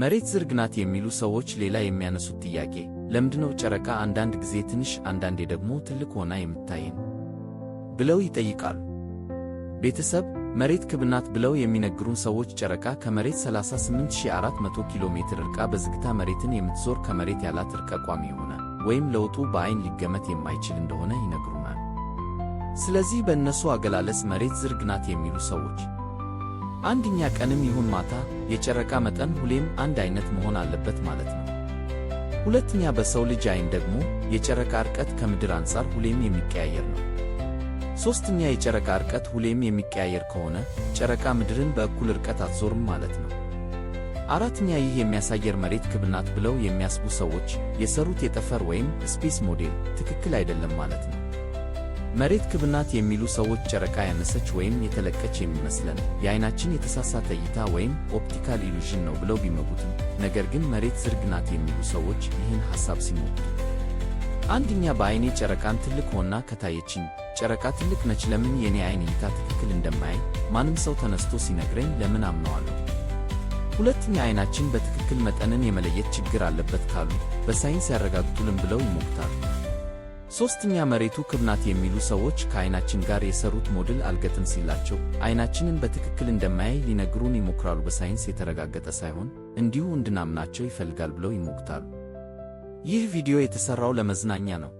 መሬት ዝርግ ናት የሚሉ ሰዎች ሌላ የሚያነሱት ጥያቄ ለምንድነው ጨረቃ አንዳንድ ጊዜ ትንሽ አንዳንዴ ደግሞ ትልቅ ሆና የምታይን ብለው ይጠይቃሉ። ቤተሰብ መሬት ክብ ናት ብለው የሚነግሩን ሰዎች ጨረቃ ከመሬት 38400 ኪሎ ሜትር ርቃ በዝግታ መሬትን የምትዞር ከመሬት ያላት ርቀ ቋሚ የሆነ ወይም ለውጡ በአይን ሊገመት የማይችል እንደሆነ ይነግሩናል። ስለዚህ በእነሱ አገላለጽ መሬት ዝርግ ናት የሚሉ ሰዎች አንድኛ ቀንም ይሁን ማታ የጨረቃ መጠን ሁሌም አንድ አይነት መሆን አለበት ማለት ነው። ሁለተኛ በሰው ልጅ አይን ደግሞ የጨረቃ ርቀት ከምድር አንጻር ሁሌም የሚቀያየር ነው። ሦስተኛ የጨረቃ ርቀት ሁሌም የሚቀያየር ከሆነ ጨረቃ ምድርን በእኩል ርቀት አትዞርም ማለት ነው። አራተኛ ይህ የሚያሳየር መሬት ክብናት ብለው የሚያስቡ ሰዎች የሰሩት የጠፈር ወይም ስፔስ ሞዴል ትክክል አይደለም ማለት ነው። መሬት ክብናት የሚሉ ሰዎች ጨረቃ ያነሰች ወይም የተለቀች የሚመስለን የአይናችን የተሳሳተ እይታ ወይም ኦፕቲካል ኢሉዥን ነው ብለው ቢመጉትም፣ ነገር ግን መሬት ዝርግ ናት የሚሉ ሰዎች ይህን ሐሳብ ሲሞግቱ፣ አንደኛ በዓይኔ ጨረቃን ትልቅ ሆና ከታየችኝ ጨረቃ ትልቅ ነች፣ ለምን የኔ አይን እይታ ትክክል እንደማያይ ማንም ሰው ተነስቶ ሲነግረኝ ለምን አምነዋለሁ? ሁለተኛ አይናችን በትክክል መጠንን የመለየት ችግር አለበት ካሉ በሳይንስ ያረጋግጡልን ብለው ይሞግታሉ። ሶስተኛ መሬቱ ክብ ናት የሚሉ ሰዎች ከዓይናችን ጋር የሰሩት ሞዴል አልገጥም ሲላቸው ዓይናችንን በትክክል እንደማያይ ሊነግሩን ይሞክራሉ። በሳይንስ የተረጋገጠ ሳይሆን እንዲሁ እንድናምናቸው ይፈልጋል ብለው ይሞክታሉ። ይህ ቪዲዮ የተሠራው ለመዝናኛ ነው።